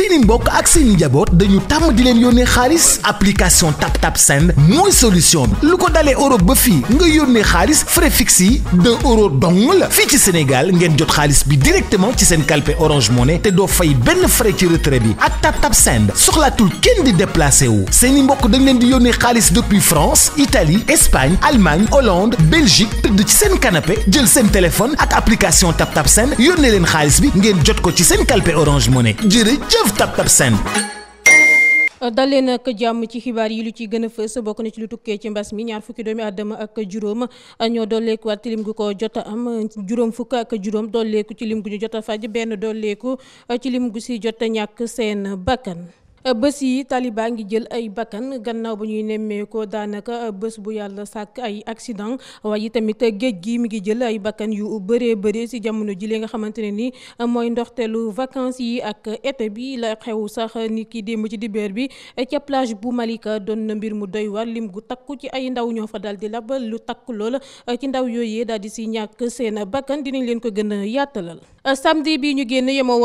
seeni mbokk ak seeni njaboot dañu tàmm di leen yónnee xaalis application TapTap Send mooy solution bi lu ko dalee Europe ba fii nga yónnee xaalis frais fixe yi deux euros dong la fii ci Sénégal ngeen jot xaalis bi directement ci seen kalpe Orange Money te doo fay benn frais ci retrait bi ak TapTap Send soxlaatul kenn di déplacé wu seeni mbokk dañ leen di yónnee xaalis depuis France Italie Espagne Allemagne Hollande Belgique tëdd ci seen canapé jël seen téléphone ak application TapTap Send yónnee leen xaalis bi ngeen jot ko ci seen kalpe Orange Money jërëjëf ci Tab Tab Seen euh, dalee nag jàmm ci xibaar yi lu ci gën a fës bokk na ci lu tukkee ci mbas mi ñaar fukki doomi àddama ak juróom euh, ñoo dolleeku at ci lim gu ko jot a am juróom fukk ak juróom dolleeku ci lim gu ñu jot a faj benn dolleeku euh, ci lim gu si jot ñàkk seen bakkan Euh, bés yi taliba ngi jël ay bakkan gannaaw ba ñuy nemmeekoo daanaka euh, bés bu yàlla sàkk ay accident waaye tamit géej gi mi ngi jël ay bakkan yu bëree bëre si jamono ji li nga xamante ne ni euh, mooy ndoxteelu vacances yi ak été bi la xew sax ni kii démb ci dibeer bi ca plage bu Malika doon na mbir mu doy war lim gu takku ci ay ndaw ñoo fa dal di lab lu takku lool ci ndaw yooyee daal di si ñàkk seen bakkan dinañ leen ko gën a yàttalal samedi bi ñu génn yemoo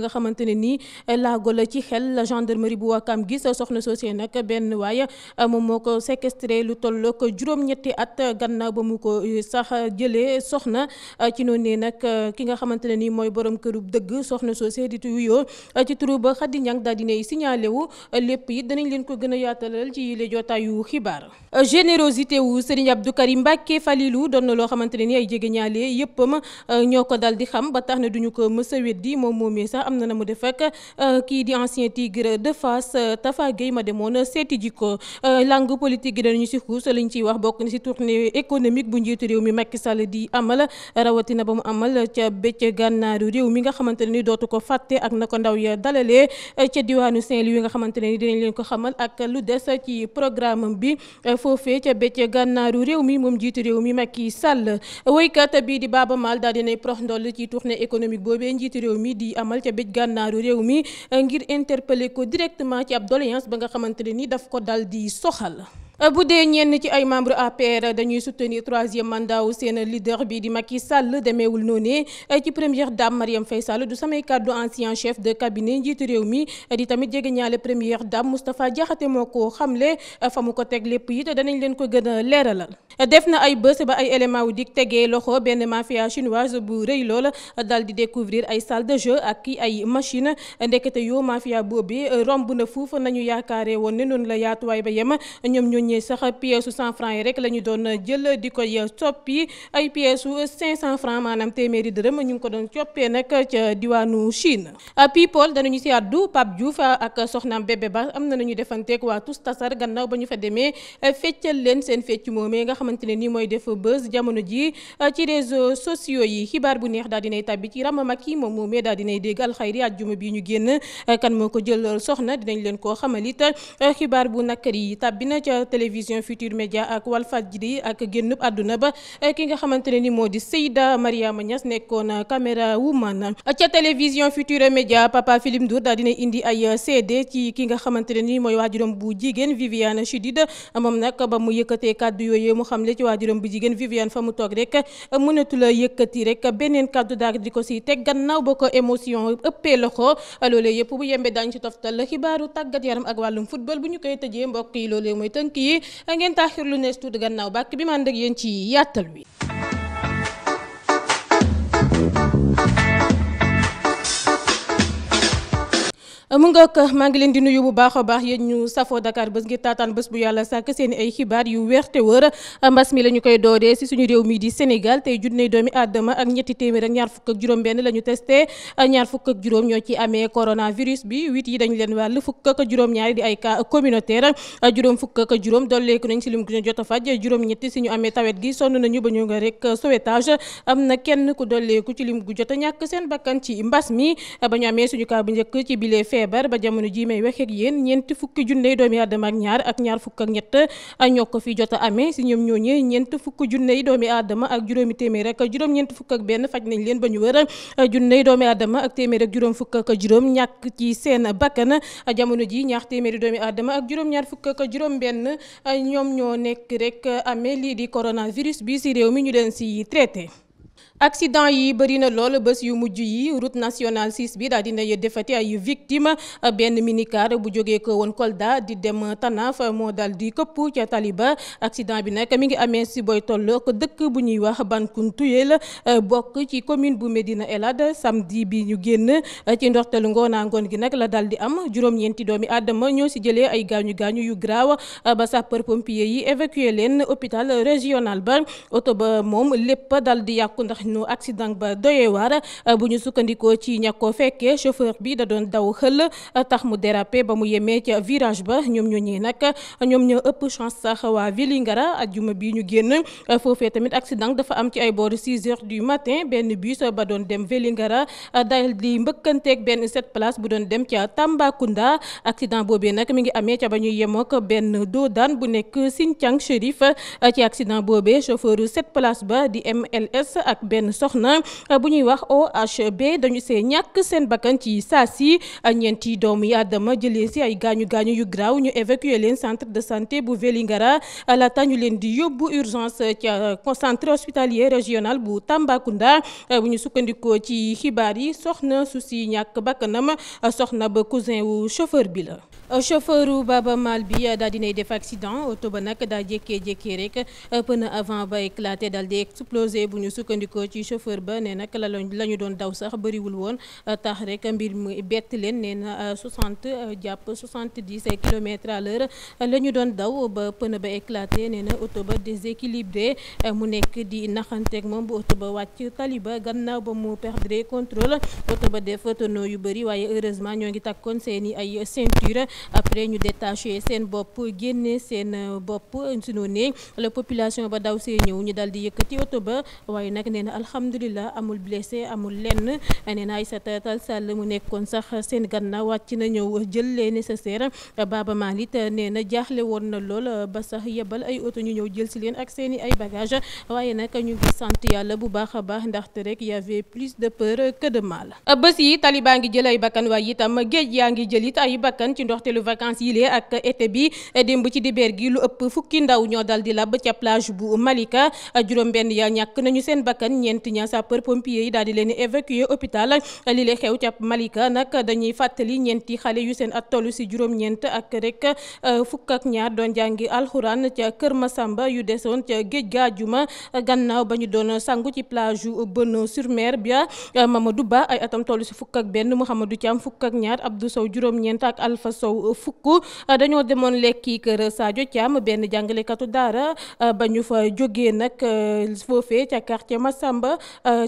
nga xamante ne nii eh, laago la ci xel la gendarmerie bu Wakaam gis soxna soosee nag benn waaye eh, moom moo ko séquestré lu toll ko juróom-ñetti at gannaaw ba mu ko eh, sax jëlee soxna ci noonu ne nag ki nga xamante ne nii mooy borom këru dëgg soxna soosee di tuyoo ci turu ba Khady Niang daal dinay signalé wu lépp it danañ leen ko gën a yaatalal ci yile jotaayu xibaar. générosité wu Serigne Abdou Karim Mbacké Falilou doon na loo xamante ne nii ay jege ñaale yëppam ñoo ko xam a weddi moom am na na mu def ak euh, kii di ancien tigre de Fass euh, Tafa Gueye ma demoon seeti ji euh, langue politique gi si xuus liñ ciy wax bokk na si tournée économique bu njiitu réew mi di amal ba mu amal ca bëcc mi nga xamante ne ni dootu ko ko ndaw ya dalalee ca diwaanu saint yi nga xamante ne ni dinañ leen ko xamal ak lu des ci programme bi foofee ca mi moom di Baaba Maal daal dinay prox ndoll ci tournée économique boobee njiitu bëj gànnaaru réew mii ngir interpeller ko directement ci ab doléance ba nga xamante ne ni daf ko dal di soxal Euh, bu dee ñenn ci ay membre APR dañuy soutenir troisième mandat wu seen leader bi di Macky Sall demeewul noonee euh, ci première dame Marième Faye Sall du samay kàddu ancien chef de cabinet njiitu réew mi euh, di tamit jege ñaale première dame Moustapha Diakhaté moo ko xamle fa mu ko teg lépp it danañ leen ko gën a leeralal. def na ay bés ba ay élément wu di tegee loxo benn mafia chinoise bu rëy lool dal di découvrir ay salle de jeu ak ki ay machine ndekete yoo mafia boobu romb na fuuf nañu yaakaare woon ne noonu la yaatuwaay ba yem ñi sax pièce cent franc yi rek la ñu doon jël di koy soppi ay pièces su cinq téeméeri dërëm ñu ngi ko doon coppee nag ca diwaanu Chine. Ah, people danañu si ñu Pape Diouf ak soxnaam bébé ba am na nañu defanteeg waa tous tasar gannaaw ba ñu fa demee feccal leen seen fecc moomee nga xamante ne nii mooy def buzz jamono ji ci réseaux sociaux yi xibaar bu neex daal dinay tàbbi ci rama mag yi moom moomee daal dinay dégg alxayri àjjuma bi ñu génn kan moo ko jël soxna dinañ leen koo xamal it xibaar bu nakari télévision Futur Média ak Walfadjri ak génnub àdduna ba ki nga xamante ne ni moo di Seyda Mariama Niass nekkoon caméra woman ca télévision Futur Média papa Philippe Ndour daal dina indi ay CD ci ki nga xamante ne ni mooy waajuram bu jigéen Viviane Chidid moom nag ba mu yëkkatee kaddu yooyu mu xam xamle ci waajuram bu jigéen Viviane fa mu toog rek mënatula yëkkati rek beneen kaddu daal di ko si teg gannaaw ba ko émotion ëppee loxo loolee yëpp bu yembe daañu ci toftal ak wàllum yi ngeen taaxir lu nees tuuti gannaaw bàkk bi ma ànd ak yéen ci yàttal wi mu ngoog maa ngi leen di nuyu bu baax a baax yéen ñu safoo Dakar bés ngir taataan bés bu yàlla sàkk seen ay xibaar yu wér te wër mbas mi la ñu koy doodee si suñu réew mii di Sénégal tey junni doomi aadama ak ñetti téeméer ak ñaar fukk ak juróom benn la ñu testé ñaar fukk ak juróom ñoo ci amee coronavirus bi huit yi dañu leen wàll fukk ak juróom-ñaari di ay cas communautaire juróom fukk ak juróom dolleeku nañ si lim gi ñu jot a faj juróom-ñetti si ñu amee tawet gi sonn nañu ba ñu nga rek sauvetage am na kenn ku dolleeku ci lim gu jot a ñàkk seen bakkan ci mbas mi ba feebar ba jamono ji may wax ak yéen ñeenti fukki junne doomi aadama ak ñaar ak ñaar fukk ak ñett ñoo ko fi jot a amee si ñoom ñooñee ñeent fukki junne doomi aadama ak juróomi téeméer ak juróom ñeent fukk ak benn faj nañ leen ba ñu wër junne doomi aadama ak téeméer ak juróom fukk ak juróom ñàkk ci seen bakkan jamono ji ñaar téeméeri doomi aadama ak juróom-ñaar fukk ak juróom benn ñoom ñoo nekk rek amee lii di coronavirus bi si réew mi ñu leen si traité accident yi bëri na lool bés yu mujj yi route nationale 6 bi daal dina defati ay victime benn minicar bu jógee ko woon Kolda di dem fa moo daal di këpp ca taliba accident bi nag mi ngi amee si booy toll ko dëkk bu ñuy wax la bokk ci commune bu Medina Elad samedi bi ñu génn ci ndortelu ngoonaa ngoon gi nag la daal di am juróom-ñeenti doomi adama ñoo si jëlee ay gaañu gaañu yu graaw ba sapeur pompier yi évacué leen hôpital régional ba oto ba moom lépp daal di yàqu ndax. nu accident ba doyee waar euh, bu ñu sukkandikoo ci ña ko fekkee chauffeur bi da doon daw xël euh, tax mu dérapé ba mu yemee ca virage ba ñoom ñoo ñii nag ñoom ñoo ëpp chance sax waa Vélingara ajjuma bi ñu génn euh, foofee tamit accident dafa am ci ay boori 6 heures du matin benn bus ba doon dem Vélingara dal di mbëkkanteeg benn sept place bu doon dem ca Tambacounda accident boobee nag mi ngi amee ca ba ñuy yemook benn doodaan bu nekk Sinthiang Chérif ci accident benn soxna euh, bu ñuy wax OHB dañu see ñàkk seen bakkan ci saa si euh, ñeenti doomu yaadama jëlee si ay gaañu gaañu yu graaw ñu évacuer leen centre de santé bu Vélingara euh, laata ñu leen di yóbbu urgence ca centre hospitalier régional bu Tambacounda bu ñu sukkandikoo ci xibaar yi soxna su si ñàkk bakkanam soxna ba cousin wu chauffeur bi la. chauffeuru Baba Maal bi daal dinay def accident oto ba nag daa jékkee-jékkee rek pneu avant ba éclaté daal di explosé bu ñu sukkandikoo ci chauffeur ba ne nag la la ñu doon daw sax bëriwul woon tax rek mbir mu bett leen nee na 60 euh, euh, jàpp 70 kilomètres à l'heure la ñu doon daw ba pneu ba éclaté nee na oto ba déséquilibré euh, mu nekk di naxanteek moom bu oto ba wàcc taliba gannaaw ba mu perdre contrôle oto ba def tonneau yu bëri waaye heureusement ñoo ngi takkoon seeni ay ceinture après ñu détaché seen bopp génne seen euh, bopp su ñu ne la population ba daw see ñëw ñu dal di yëkkati oto ba waaye nag nee na alhamdulilah amul blessé amul lenn nee na Aïssata Tall Sall mu nekkoon sax seen ganna wàcc na ñëw jël les nécessaires Baba Malit nee na jaaxle woon na lool ba sax yebal ay oto ñu ñëw jël si leen ak seen i ay bagage waaye nag ñu ngi sant yàlla bu baax a baax ndaxte rek y avait plus de peur que de mal. bés yi taliban ngi jël ay bakkan ndoorteelu vacances yi lee ak été bi démb ci dibeer gi lu ëpp fukki ndaw ñoo dal di lab ca plage bu Malika juróom-benn ya ñàkk nañu seen bakkan ñeent ña sapeur pompier yi daal di leen évacuer hôpital li lee xew ca Malika nag dañuy fàttali ñeenti xale yu seen at tollu si juróom-ñeent ak rek euh, fukk ak ñaar doon jàngi alxuraan ca Kër ma Masamba yu desoon ca géej gaajuma gannaaw ba ñu doon sangu ci plage yu Benno sur Mer bi Mamadou Ba ay atam tollu si fukk ak benn Mouhamadou Thiam fukk ak ñaar fukk ah, dañoo demoon lekki kër Sadio Thiam benn jàngalekatu daara ah, ba ñu fa jógee nag ah, foofee ca quartier Massamba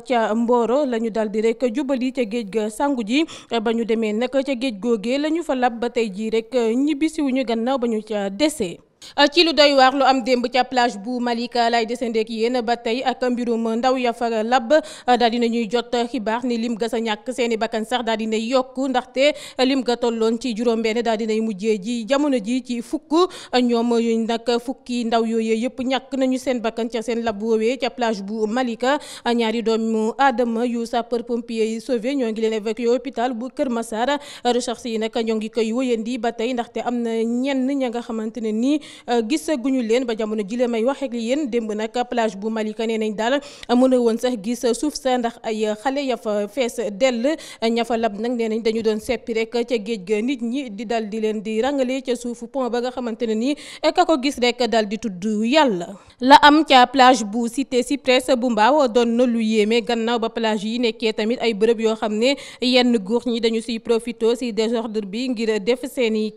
ca Mboro la ñu dal di rek jubali ca géej ga sangu ji ba ñu demee nag ca géej googee la ñu fa lab ba tey jii rek ñibbisiwuñu gannaaw ba ñu ca desee Euh, ci lu day waar lu am démb ca plage bu Malika lay desendeek yéen ba tey ak mbirum ndaw ya fa lab euh, daal di ñuy jot xibaar ni lim ga sa ñàkk seen i bakkan sax daal di nay yokk ndaxte euh, lim ga tolloon ci juróom-benn daal di nay mujjee ji jamono ji ci fukk ñoom yuñ nag fukki ndaw yooyu yëpp ñàkk nañu seen bakkan ca seen lab woowee ca plage bu Malika ñaari doomu aadama yu sapeur pompier yi sauvé ñoo ngi leen évacué hôpital bu Kër Massar recherche yi nag ñoo ngi koy wëyandi ba tey am na ñenn ña nga xamante ne nii. gis euh, gisaguñu leen ba jamono jile may wax ak yéen démb nag plage bu Malika nee nañ daal mën a woon sax gis suuf sa ndax ay xale ya fa fees dell ña fa lab nag nee dañu doon seppi rek ca géej ga nit ñi di dal di leen di rangale ca suufu pont ba nga xamante ne nii a ko gis rek dal di tudd yàlla. la am ca plage bu cité Cyprès bu mbaaw doon na lu yéeme gannaaw ba plage yi nekkee tamit ay bërëb yoo xam ne yenn góor ñi dañu siy profité si désordre bi ngir def seen i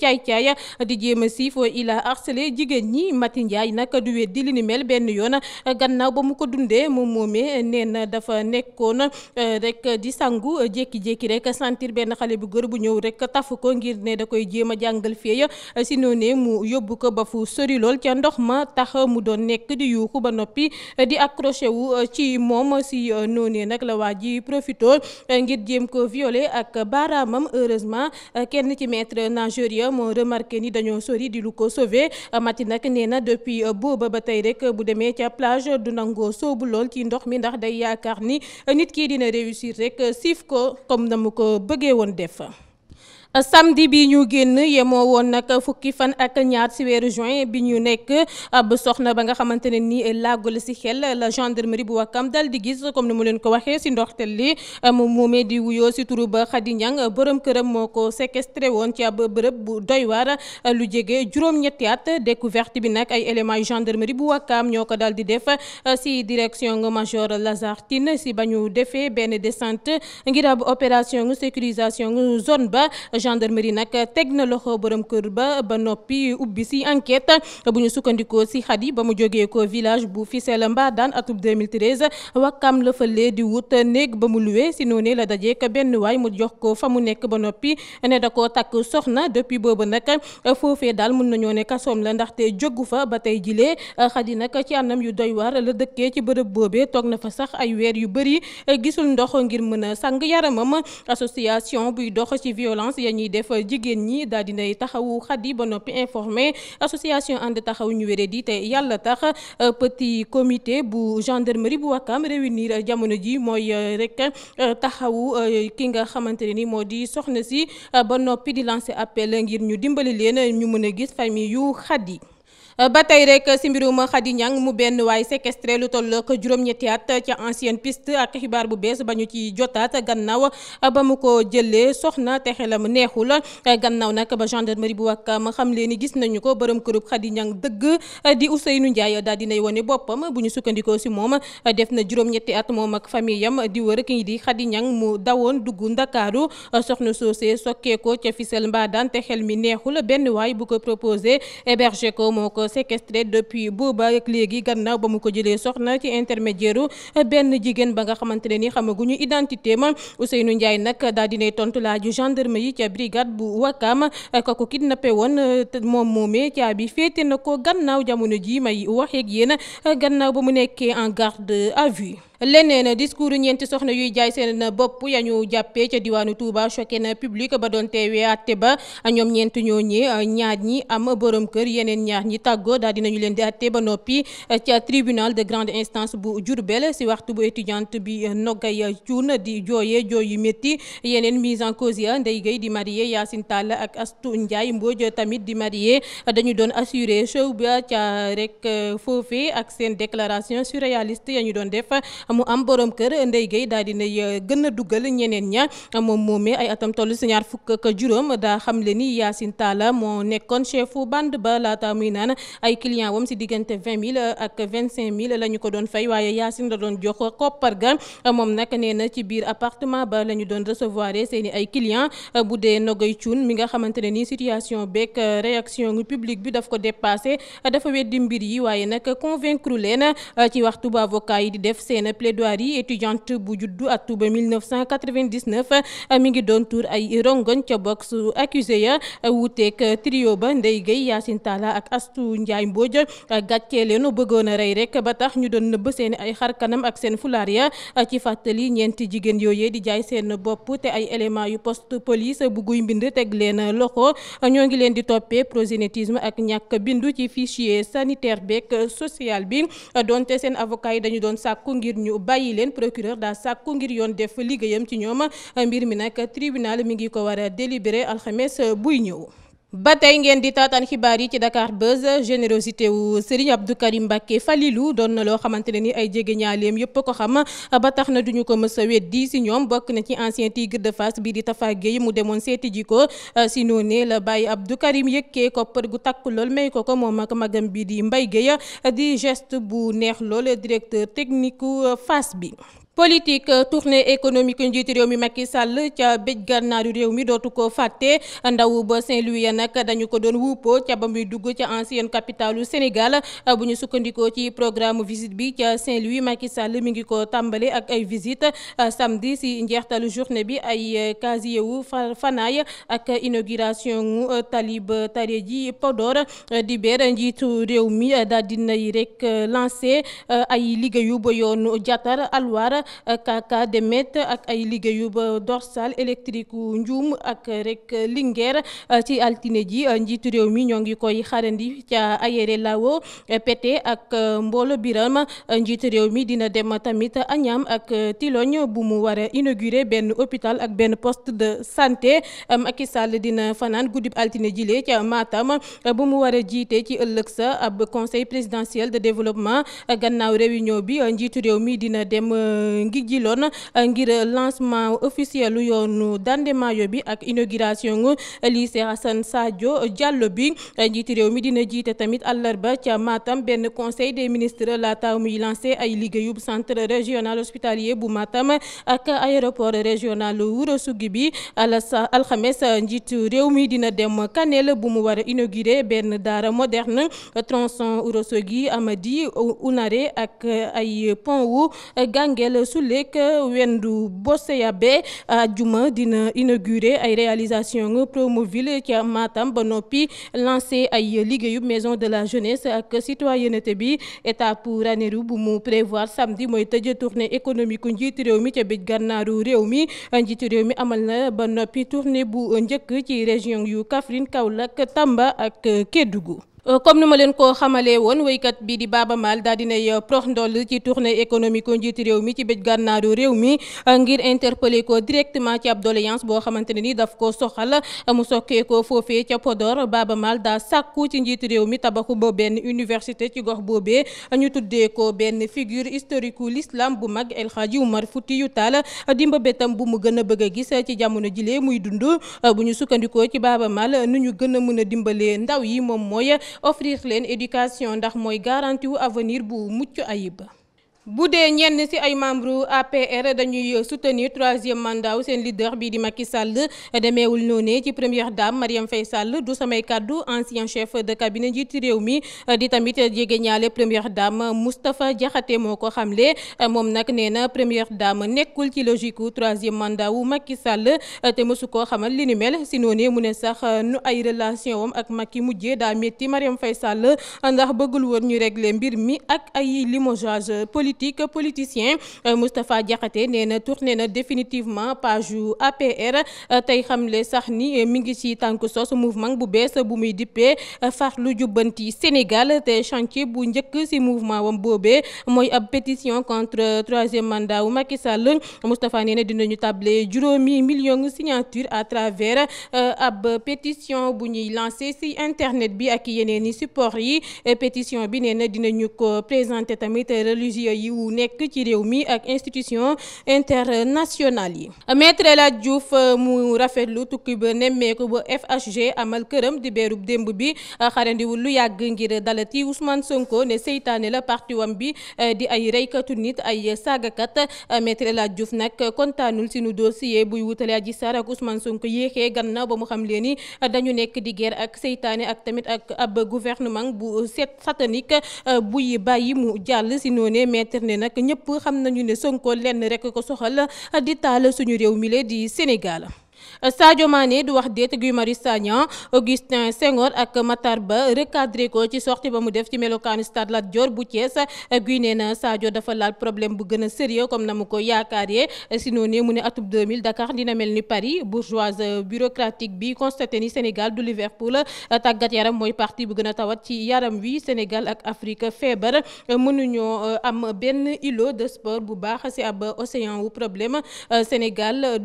jigéen ñi Mati Ndiaye nag du weddi li benn yoona gannaaw ba mu ko dundee moom moomee nee na dafa nekkoon euh, rek di sangu jékki-jékki rek sentir benn xale bu góor bu ñëw rek tafu ko ngir ne da koy jéem a jàngal fee si noonee mu yóbbu ko ba fu sori lool ca ndox ma tax mu doon nekk di yuuxu ba noppi di accroché wu ci moom si euh, noonee nag la waa ji profito euh, ngir jéem ko violé ak baaraamam heureusement kenn ci maître nageur moo remarqué ni dañoo sori di ko sauvé Euh, Maty nag nee na depuis euh, booba ba tey rek bu demee ca plage du nangoo soobu lool ci ndox mi ndax day yaakaar ni nit kii dina réussir rek siif ko comme na mu ko bëggee woon def. samedi bi ñu génn yemoo woon nag fukki fan ak ñaar ci weeru juin bi ñu nekk ab soxna ba nga xamante ne nii la ci xel la gendarmerie bu Wakam dal di gis comme ni mu leen ko waxee ci ndoxtel li mu moomee di wuyoo ci turu ba Khady Niang borom këram moo ko séquestré woon ci ab bërëb bu doy waar lu jege juróom-ñetti at découverte bi nag ay éléments yu gendarmerie bu Wakam ñoo ko dal di def ci direction major Lazare Tine ci ba ñu defee benn descente ngir ab opération sécurisation zone ba. gendarmerie nag teg na loxo borom kër ba ba noppi ubbi si enquête bu ñu sukkandikoo si xat yi ba mu jógee ko village bu Fissel Mbadane atub 2013 wakkaam la fële di wut néeg ba mu luwee si noonu la dajee ak benn waay mu jox ko fa mu nekk ba noppi ne da koo takk soxna depuis boobu nag foofee daal mun nañoo ne kasoom la ndax te jógu fa ba tey jilee xat yi nag ci anam yu doy waar la dëkkee ci bërëb boobee toog na fa sax ay weer yu bëri gisul ndox ngir mën a sang yaramam ñuy def jigéen ñi daal nay taxawu xadi ba noppi informé association ànd taxaw ñu wéree di te yàlla tax euh, petit comité bu gendarmerie bu Wakam réunir jamono ji mooy euh, rek euh, taxawu ki nga xamante ne ni moo di soxna si ba noppi di lancer appel ngir ñu dimbali leen ñu mën a gis famille yu xadi Euh, ba tey rek si mbirum Khady Niang mu benn waay séquestré lu toll ak juróom-ñetti at ca ancienne piste ak xibaar bu bees ba ñu ci jotaat gannaaw euh, ba mu ko jëlee soxna te xelam neexul euh, gannaaw nag ba gendarmerie bu wàkkaam xam leen ni gis nañu ko borom këru Khady Niang dëgg di Ousseynou Ndiaye daal dinay wane boppam bu ñu sukkandikoo si moom def na juróom-ñetti at moom ak famille am di wër kii di Khady Niang mu dawoon dugg Ndakaaru soxna soosee sokkee ca Fissel Mbadane te mi neexul benn waay bu ko proposé hébergé ko ko séquestré depuis booba ak léegi gannaaw ba mu ko jëlee soxna ci intermédiaire benn jigéen ba nga xamante ne ni xamaguñu identité ma Ousseynou Ndiaye nag daal dinay tontu laaju gendarme yi ca brigade bu Wakam ka ko kidnappé woon moom moomee caabi féete na ko gannaaw jamono ji may waxeeg yéen gannaaw ba mu nekkee en garde à vue leneen discours ñeenti soxna yuy jaay seen bopp ya ñu jàppee ca diwaanu Touba choqué na public ba doon teewee àtte ba ñoom ñeent ñoo ñi ñaar ñi am borom kër yeneen ñaar ñi tàggoo daal dinañu leen di àtte ba noppi ca tribunal de grande instance bu Diourbel si waxtu bu étudiante bi Nogay Thioune di jooyee jooy yu métti yeneen mise en cause ya Ndeye gay di marié Yacine Tall ak Astou Ndiaye mbooj tamit di marié dañu doon assuré show ba ca rek foofee ak seen déclaration surréaliste ya ñu doon def. mu am borom kër Ndeye Gueye daal dina eh, dugal ñeneen ña moom moomee ay atam toll si ñaar fukk ak juróom daa xam le ni Yacine Talla moo nekkoon chefu bande ba laata muy naan ay client wam si diggante 20000 ak 25000 la ñu ko doon fay waaye Yacine la doon jox koppar ga moom nag nee na ci biir appartement ba la ñu doon recevoir seen i ay client bu dee Nogay Cuun mi nga xamante ne nii situation beeg eh, réaction public bi daf ko dépassé dafa weddi mbir yi waaye nag convaincre leen eh, ci waxtu bu avocat yi di def plaidoirie étudiante bu juddu atum 1999 euh, mi ngi doon tuur ay rongoñ ca box accusé ya euh, wuuteeg trio ba Ndeye Gueye Yacine Talla ak Astou Ndiaye Mbodj euh, gàccee leenu bëggoon a rey rek ba tax ñu doon nëbb seen ay xar kanam ak seen fulaar ya ci fàttali ñeenti jigéen yooyee di jaay seen bopp te ay éléments yu poste police bu guy mbind teg leen loxo ñoo ngi leen di toppee prosénétisme ak ñàkk bindu ci fichier sanitaire beeg social bi donte seen avocat yi dañu doon ñu bàyyi leen procureur daa sàkku ngir yoon def liggéeyam ci ñoom mbir mi nag tribunal mi ngi ko war a délibéré alxames buy ñëw ba tey ngeen di taataan xibaar yi ci Dakar ba générosité wu Serigne Abdou Karim Mbacké Falilou doon na loo xamante ne ni ay jege ñaaleem yëpp ko xam ba tax na duñu ko mës a weddi si ñoom bokk na ci ancien tigre de Fass bi di Tafa Gueye mu demoon seeti ji ko si noonee la bàyyi Abdou Karim ko koppar gu takk lool may ko ko moom ak magam bi di mbay Gueye di geste bu neex lool directeur technique Fass bi. politique euh, tournée économique njiitu réew mi Macky Sall ca béj gànnaaru réew mi dootu ko fàtte ndaw ba Saint-Louis nag dañu ko doon wuupo ca ba muy dugg ca ancienne capitale u Sénégal euh, bu ñu sukkandikoo ci programme visite bi ca Saint-Louis Macky Sall mi ngi ko tàmbale ak ay visite euh, samedi si njeextalu journée bi ay casier wu fanaay ak inauguration wu Talib Taredji Podor di njiitu réew mi daal dinay rek lancé ay liggéeyu ba yoonu Jatar Alwar Kaka Demet ak ay liggéeyu ba dorsal électrique wu Ndioum ak rek Linguère euh, ci altine ji euh, njiitu réew mi ñoo ngi koy xarandi ca Ayere Lawo euh, Pété ak Mbolo Biram njiitu réew mi dina dem tamit Agnam ak Tilogne bu mu war a inauguré benn hôpital ak benn poste de santé Macky Sall dina fanaan guddib altine jile ca Matam bu mu war a jiite ci ëllëg sa ab conseil présidentiel de développement gannaaw réunion bi njiitu réew mi dina dem. ngi jiloon euh, ngir lancement officiel yoonu Dande Maayo bi ak inauguration lycée Assane Sadio Diallo bi euh, njiiti réew mi dina jiite tamit àllarba ca Matam benn conseil des ministres laata muy lancé ay liggéeyub centre régional hospitalier bu Matam ak aéroport régional Ourossogui bi alasa alxames njiitu réew mi dina dem Kanel bu mu war a inauguré benn daara moderne tronçon Ourossogui Amady Ounaré ak ay pont wu Ganguel su sulek wendu Boseyabe ajuma dina inauguré ay réalisation Promoville ci Matam ba noppi lancé ay liggéeyu maison de la jeunesse ak citoyenneté bi état pour raneru bu mu prévoir samedi mooy tëj tournée économique njiitu réew mi ca bij gànnaaru réew mi njiitu réew mi amal na ba noppi tournée bu njëkk ci région yu Kaffrine Kaolack Tamba ak Kédougou Euh, comme ni ma leen ko xamalee woon woykat bii di Baaba Maal daa dinay euh, prox ndoll ci tournée économique u njiitu réew mi ci bëj gànnaaru réew mi euh, ngir interpeller ko directement ci ab doléance boo xamante ne ni daf ko soxal mu sokkee ko foofee ca Podor Baaba Maal daa sàkku ci njiitu réew mi tabaxu ba benn université ci gox boobee a ñu tuddee ko benn figure historique u l'islam bu mag El Hadji Oumar Foutiyou Tall di betam bu mu gën a bëgg a gis ci jamono jilee muy dund bu ñu sukkandikoo ci Baaba Maal nu ñu gën a mën a dimbalee ndaw yi moom mooy offrir leen éducation ndax mooy garanti wu avenir bu mucc ayib. bu dee ñenn ci ay membres APR dañuy soutenir troisième mandat seen leader bii di Macky Sall demeewul noonu ci première dame Marième fay Sall du samay kaddu ancien chef de cabinet njiitu réew mi di tamit jege ñaale première daam Moustapha Diakhaté moo ko xamle moom nag nee na première dame nekkul ci logique gu troisième mandat wu Macky Sall te mësu koo xamal li ni mel si noonu mu ne sax nu ay relation wam ak Macky mujjee daa métti Marième fay Sall ndax bëggul woon ñu régler mbir mi politique politicien euh, Moustapha Diakhaté nee na tourné na définitivement page yu APR euh, tey xamle sax ni euh, mi ngi ci tànk sos mouvement bu bees bu muy dippee lu jubbanti Sénégal te chantier bu njëkk ci mouvement wam boobee mooy ab pétition contre troisième mandat wu Macky Sall Moustapha nee na dinañu tabler juróomi million signature à travers ab pétition bu ñuy lancé ci internet bi ak yeneen i support yi pétition bi nee na dinañu ko présenter tamit religieux yi yu nekk ci réew mi ak institution internationale yi maître El Hadj Diouf euh, mu lu tukki ba nemmeeku ba FHG amal këram di beerub démb bi euh, xarandiwul lu yàgg ngir dalati Ousmane Sonko ne seytaane la partiwam bi euh, di ay reykatu nit ay saagakat maître El Hadj nag kontaanul sinu dossier buy wutale Adji Sarr ak Ousmane Sonko yéexee gannaaw ba mu xam leen ni dañu nekk di guerre ak seytaane ak tamit ak ab gouvernement bu set satanique buy bàyyi mu jàll si noonee xamante ne nag ñëpp xam nañu ne Sonko lenn rek ko soxal di taal suñu réew mi le di Sénégal. Sadio Mané du wax déet Guy Marius Sagna Augustin Senghor ak Matar Ba recadré ko ci sortie ba mu def ci melokaanu stade Lat Dior bu Thiès Guy nee na Sadio dafa laal problème bu gën a sérieux comme na mu ko yaakaaree si noonu mu ne atub 2000 Dakar dina mel ni Paris bourgeoise bureaucratique bi constaté ni Sénégal du Liverpool tàggat yaram mooy parti bu gën tawat ci yaram wi Sénégal ak Afrique feebar mënuñoo euh, am benn îlot de sport bu baax si ab océan wu problème Sénégal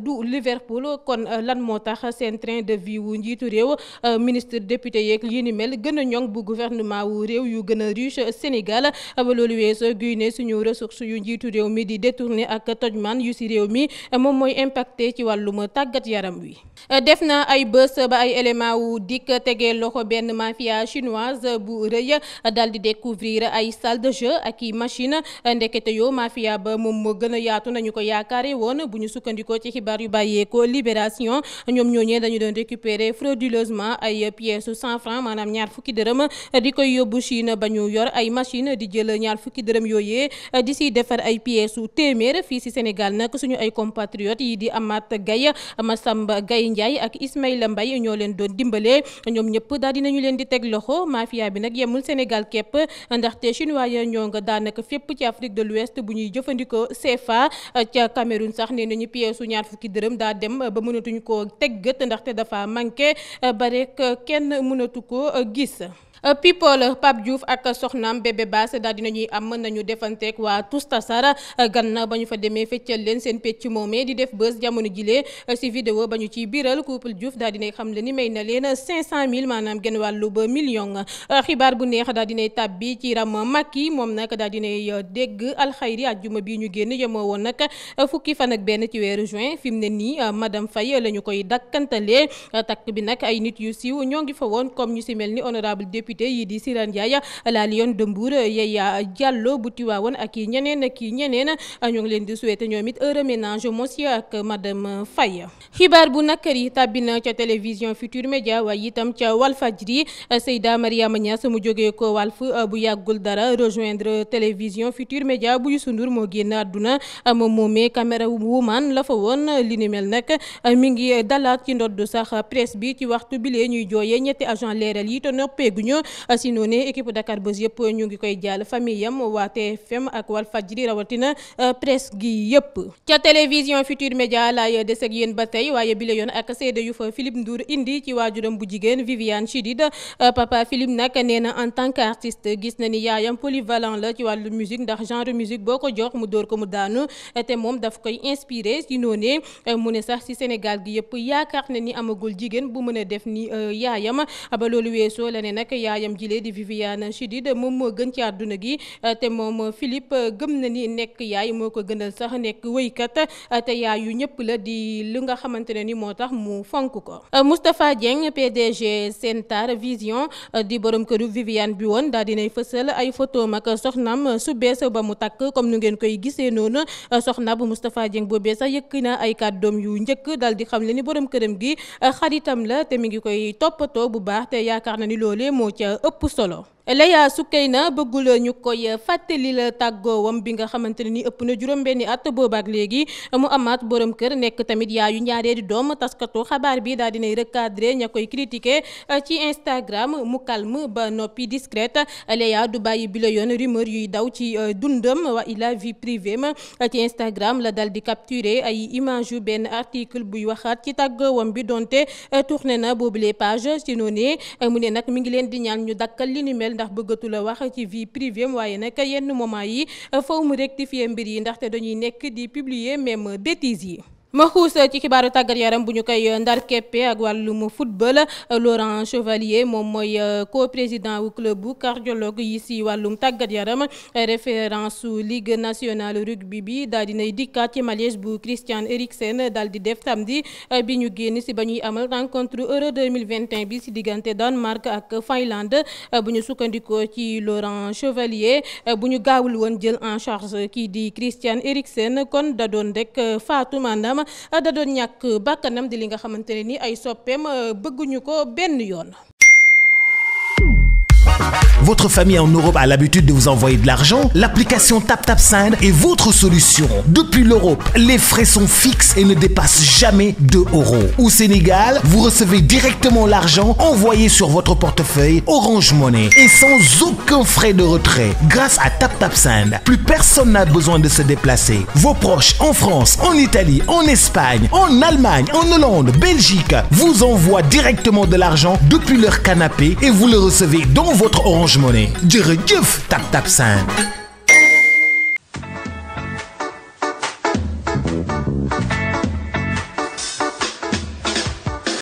Euh, lan moo tax seen train de vie wu njiitu réew euh, ministre député yeeg yi ni mel gën a ñoŋ bu guvernement wu réew yu gën a riche Sénégal ba loolu weesoo guy ne suñu ressources yu njiitu réew mi di détourné ak man yu si réew mi moom mooy impacté ci wàllum tàggat yaram wi. def na ay bés ba ay élément wu dikk tegee loxo benn mafia chinoise bu rëy daal di découvrir ay salle de jeu ak i machine ndekete yoo mafia ba moom moo gën a yaatu nañu ko yaakaare woon bu ñu ci xibaar yu bàyyeekoo libération. Libération ñoom ñooñee dañu doon récupérer frauduleusement ay pièces su cent francs maanaam ñaar fukki dërëm di koy yóbbu Chine ba ñu yor ay machine di jël ñaar fukki dërëm yooyee di si defar ay pièces su téeméer fii si Sénégal nag suñu ay compatriotes yi di Amath ma Massamba Gaye Ndiaye ak Ismaïla Mbaye ñoo leen doon dimbale ñoom ñëpp daal dinañu leen di teg loxo mafia bi nag yemul Sénégal képp ndaxte chinois ya ñoo nga daanaka fépp ci Afrique de l'Ouest bu ñuy jëfandikoo CFA mënatuñ koo teg gët ndaxte dafa manqué ba rek kenn mënatu ko gis. Euh, people euh, Pape Diouf ak soxnaam bébé Bass daal dina ñuy am nañu defanteek waa Toustasar euh, gannaaw ba ñu fa demee feccal leen seen pecc moomee di def bës jamono jilee si vidéo ba ñu ciy biral couple Diouf daal dinay xam le ni may na leen mille maanaam genn wàllu ba million xibaar bu neex daal dinay tàbbi ci ram Macky moom nag daal dinay dégg alxayri àjjuma bi ñu génn yemoo woon nag fukki fan ak benn ci weeru juin fi mu ne nii madame Faye la ñu koy dakkantalee takk bi nag ay nit yu siiw ñoo ngi fa woon comme ñu si mel ni député yi di Sirane Ndiaye la Lyon de Mbour Yaya Diallo bu Tivaouane ak i ñeneen ak i ñeneen ñu ngi leen di souhaiter ñoom it heureux ménage monsieur ak madame Faye xibaar bu nakkar yi tàbbi na ca télévision Futur Média waaye itam ca Walfadjri Seyda Mariama Niass mu jógee ko Walf bu yàggul dara rejoindre télévision Futur Média bu Youssou Ndour moo génn àdduna moom moomee caméra woman la fa woon li ni mel nag mi ngi dalaat ci ndodd sax presse bi ci waxtu bi lee ñuy jooyee ñetti agent leeral yi te noppeeguñu Euh, si noonu équipe Dakar Buzz yëpp ñu ngi koy jàll famille yam waa TFM ak Walf Fadjri rawatina euh, presse gi yëpp. ca télévision Futur Média laay des ak ba tey waaye bile yoon ak seede yu fa Philippe Ndour indi ci waajuram bu jigéen Viviane Chidid euh, papa Philippe nag nee na en tant qu'artiste gis na ni yaayam polyvalent la ci wàllu musique ndax genre musique boo ko jox mu dóor ko mu daanu te moom daf koy inspiré si mu ne sax si Sénégal gi a yaayam jilee di Viviane Chidid moom moo gën ci àdduna gi te moom Philippe euh, gëm na ni nekk yaay moo ko gënal sax nekk wëykat euh, te yaay yu ñëpp la di li nga xamante ne ni moo tax mu fonk ko euh, Moustapha Dieng PDG Sentar Vision di borom këru Viviane bi woon daal nay fësal ay photo mag soxnaam su bees ba mu takk comme nu ngeen koy gisee noonu soxna bu Moustapha Dieng boobee sax yëkki na ay kàddoom yu njëkk daal xam le ni borom këram gi xaritam la te mi ngi koy ca ëpp solo. Leya na bëggul ñu koy eh, fàttali la tàggoowam bi nga xamante ne ni ëpp na juróom-benni at boobaak léegi mu amaat borom kër nekk tamit yaayu ñaareelu doom taskatu xabaar bi daal nay recadré ña koy critiquer eh, ci Instagram mu kalm ba noppi discrète Leya du bàyyi bi la yoon rumeur yuy daw ci eh, dundam wa ila vie privée ma ci Instagram la dal di capturé ay image yu benn article buy waxaat ci tàggoowam bi donte tourné na boobu les pages ci noonee mu ngi leen di ñaan ñu dakkal ndax bëggatul a wax ci vie privée waaye nag yenn moment yi faw mu rectifier mbir yi ndaxte dañuy nekk di publier même bêtises yi ma xuus ci xibaaru tàggat yaram bu ñu koy ndar keppe ak wàllum football Laurent Chevalier moom mooy euh, co-président wu club bu cardiologue yi si wàllum tàggat yaram référence su ligue nationale rugby bi daal dinay dikkaat ci mariage bu Christian Eriksen daal di def samedi euh, bi ñu génn si ba ñuy amal rencontre Euro 2021 bi si diggante Danemark ak Finlande euh, bu ñu sukkandikoo ci Laurent Chevalier bu ñu gaawul woon jël en charge kii di Christian Eriksen kon da doon da doon ñàkk bàkkanam di li nga xamante ne ni ay soppeem euh, bëgguñu ko benn yoon. Votre famille en Europe a l'habitude de vous envoyer de l'argent. L'application TapTapSend est votre solution. Depuis l'Europe, les frais sont fixes et ne dépassent jamais 2 euros. Au Sénégal, vous recevez directement l'argent envoyé sur votre portefeuille Orange Money et sans aucun frais de retrait. Grâce à TapTapSend, plus personne n'a besoin de se déplacer. Vos proches en France, en Italie, en Espagne, en Allemagne, en Hollande, Belgique vous envoient de l'argent depuis leur Orange Money jërëjëf tap tap seen